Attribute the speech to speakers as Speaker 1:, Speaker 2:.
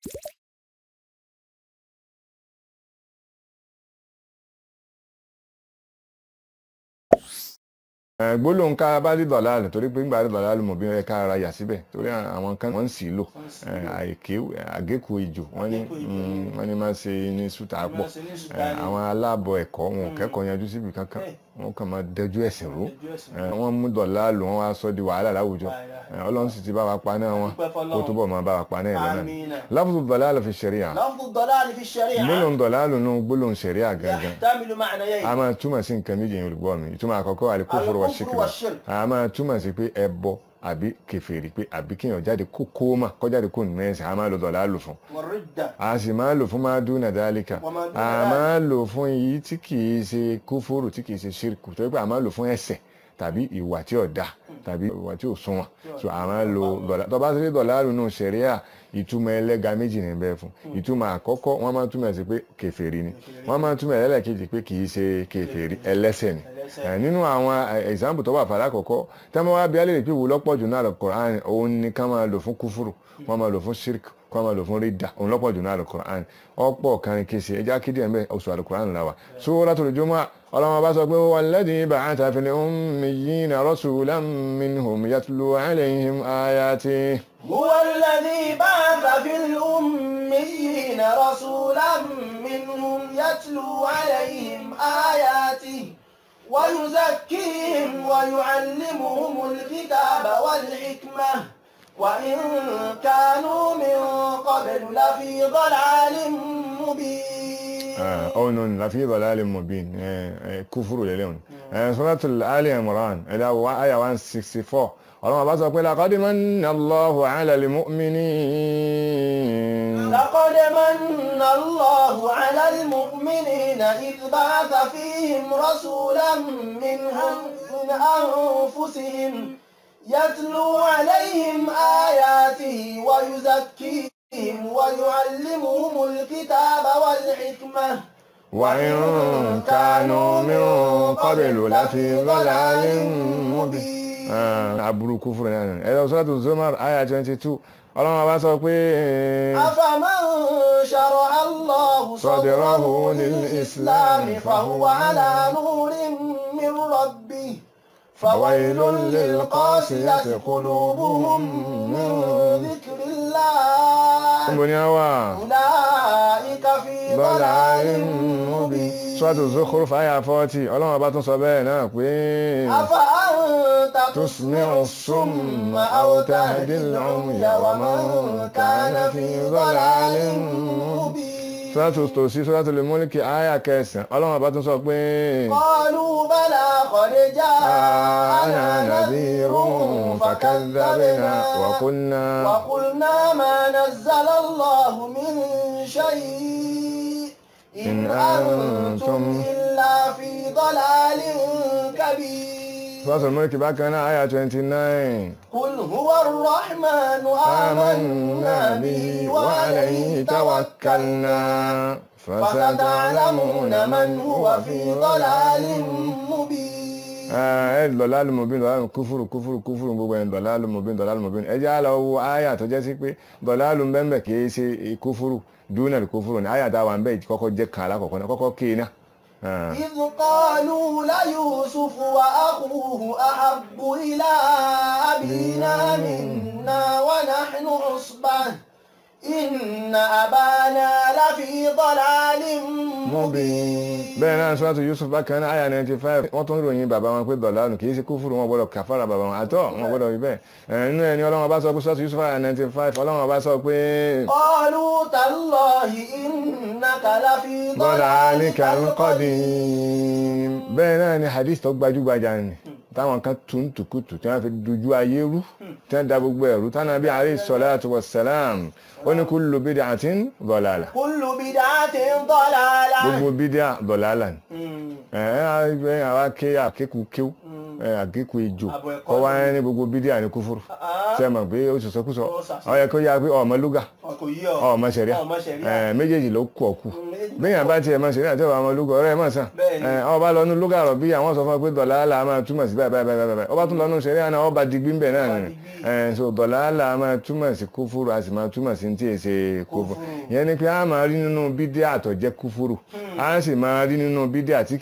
Speaker 1: gbólóhùn ká bá dé dọ̀láàlù torí pé ńgbà dé dọ̀láàlù mọ̀ bí wọ́n ara yà síbẹ̀ torí àwọn kan wọ́n sì lò àgékù ìjò mm, wọ́n ní máa ṣe ní sùtà pọ̀ àwọn alábọ̀ ẹ̀kọ́ wọn ò wọn kàn máa dẹjú ẹ̀sìn rú wọn mú dọ̀là lò wọn aṣọ di wàhálà láwùjọ ọlọ́run sì ti bá wa pa náà wọn kó tó bọ̀ máa bá wa pa náà lọ́nà láfùdù dọ̀là lọ fi ṣẹ̀ríà mílíọ̀nù dọ̀là lò nù gbólóhùn ṣẹ̀ríà gangan a máa túmọ̀ sí nǹkan méjì olùgbọ́ mi ìtumọ̀ àkọ́kọ́ àlè kófòrò wa ṣíkìlì a máa túmọ̀ sí pé ẹbọ àbí kèfèrí pé àbí kéèyàn jáde kókó mà kọjáde kó nínú ẹ̀sìn a máa lò dọ̀là lò fún a sì máa lò fún máa dúnà dálíkà a máa lò fún èyí tí kìí ṣe kúfúrú tí kìí ṣe ṣírkù tó yẹ pé a máa lò fún ẹ̀ṣẹ̀ tàbí ìwà tí ò dáa tàbí ìwà tí ò sunwọ̀n so a máa lò dọ̀là tó bá ṣe pé dọ̀là lò nù sẹ̀ríà ìtumọ̀ ẹlẹ́ga méjì ní bẹ́ẹ̀ fún hmm. ìtumọ̀ àkọ́kọ́ wọ́n máa túmọ̀ sí pé kèfèrí ni wọ́n máa túmọ̀ ẹlẹ́kejì pé kìí ṣe Eh, nínú àwọn eh, example tó wà fàlà àkọ́kọ́ tí wọ́n wá bí alẹ́ rè pé wò lọ́pọ̀ jù náà Al-Qur'an òun ni ká máa lò fún kúfúrù wọ́n máa lò fún shirk kọ́ máa lò fún rídà òun lọ́pọ̀ jù náà Al-Qur'an ọ̀pọ̀ kan kése ẹja kéde ẹ̀mẹ́ oṣù Al-Qur'an la wà Suratul Jumu'ah ọlọ́wọ́n bá sọ pé walladhi ba'atha fil ummiyyina rasulan
Speaker 2: ويزكيهم ويعلمهم الكتاب والحكمة وإن كانوا من قبل لفي ضلال مبين
Speaker 1: آه، او نون لا في ضلال مبين آه، آه، كفروا لليون سوره ال عمران الى اي 164 الله عز وجل لقد من الله على المؤمنين لقد
Speaker 2: من الله على المؤمنين اذ بعث فيهم رسولا منهم من انفسهم يتلو عليهم آياته ويزكيهم ويعلمهم الكتاب والحكمة
Speaker 1: وإن كانوا من قبل لفي ضلال مبين aburú kúfúrú náà nù ẹ̀rọ sọ́dọ̀ zomar aya twenty two ọlọ́run ọba sọ pé.
Speaker 2: afaman sharaha Allahu sadrahu lil islam fahuwa ala nurin min rabbih. فويل للقاسية
Speaker 1: قلوبهم من
Speaker 2: ذكر الله أولئك في ضلال
Speaker 1: مبين سورة الزخرف آية 40 ọlọ́run ọba tún sọ bẹ́ẹ̀ náà pé.
Speaker 2: أفأنت
Speaker 1: تسمع الصم أو تهدي العمي ومن كان في
Speaker 2: ضلال مبين
Speaker 1: sọ́dọ̀tò tòsí sọ́dọ̀tò lè múlíkì àyà kẹsàn-án ọlọ́run ọba tún sọ pé.
Speaker 2: kọlu bala kọdíjà àná
Speaker 1: nàbí rún fàkàndàbẹ̀nà wàkúnná.
Speaker 2: wàkúnná máa na zàlọ́lọ́hùn mi ní ṣáyí.
Speaker 1: in antum
Speaker 2: illa fi dalalin kabir.
Speaker 1: Suratul Mulk bákan náà àyà twenty nine.
Speaker 2: Qul huwa ar-Rahmanu
Speaker 1: amanna bihi wa alayhi tawakkalna. Fasata'lamuna man huwa fi dalalin
Speaker 2: mubin.
Speaker 1: Ah, ẹ dọ̀lálù mubin dọ̀lálù kúfùrù kúfùrù kúfùrù gbogbo ẹ̀ dọ̀lálù mubin dọ̀lálù mubin. Ẹ jẹ́ àlọ́ wo àyà tó jẹ́ sí pé dọ̀lálù ń bẹ́ẹ̀ kì í ṣe kúfùrù dúnà kúfùrù ni àyà táwa ń bẹ́ẹ̀ kọ́kọ́ jẹ́ kàrà kọ̀ọ̀kan náà kọ́kọ́ kéèna. آه.
Speaker 2: إذ قالوا ليوسف وأخوه أحب إلى أبينا
Speaker 1: منا
Speaker 2: ونحن عصبة إن أبانا fi dalalin
Speaker 1: mubin. bẹ́ẹ̀ náà suratu Yusuf bákan náà àyà ninety five wọ́n tún ròyìn bàbá wọn pé dọ̀lànù kì í ṣe kúfùrù wọn gbọ́dọ̀ kàfàrà bàbá wọn àtọ̀ wọn gbọ́dọ̀ rí bẹ́ẹ̀ nínú ẹni ọlọ́run ọba sọ pé suratu Yusuf àyà ninety five ọlọ́run ọba sọ pé.
Speaker 2: qalu tallahi innaka lafi
Speaker 1: dalalikal qadim. bẹ́ẹ̀ náà ni hadith tó gbajúgbajà ni táwọn kan tún tùkùtù tí wọ́n fi dojú ayé rú tí wọ́n da gbogbo ẹ̀rú tánà bí alayhi salatu wassalam ó ní kullu bid'atin dalala.
Speaker 2: kullu bid'atin dalala. gbogbo
Speaker 1: bídà dalala ni. Hmm. ẹ̀ẹ́n àwa ké àkékù kéwù àgékù ejò kọ́ wá ní gbogbo bídíà ní kúfúrú ah, ah. ṣe mọ̀ pé ó sọ̀sọ́ kú sọ ọ yẹ kó yá pé ọmọ lúgà ọmọ sẹ̀ríà méjèèjì ló kú ọ̀kú bẹ́yìn àbá tiẹ̀ mọ̀ sẹ̀ríà tí ọba ọmọ lúgà ọ̀rẹ́ mọ̀ sàn ọba lọ́nu lúgà rọ̀ bí àwọn sọ fún pé dọ̀làálà máa túmọ̀ sí báyìí báyìí báyìí ọba tún lọ́nu sẹ̀ríà náà ọba digbí ńbẹ̀ náà so dọ̀làálà máa túmọ̀ sí kúfúrú a sì máa túmọ̀ sí ti èsè kúfúrú ìyẹn ni pé a máa rí nínú bídíà hmm. a sì máa rí nínú bídíà tí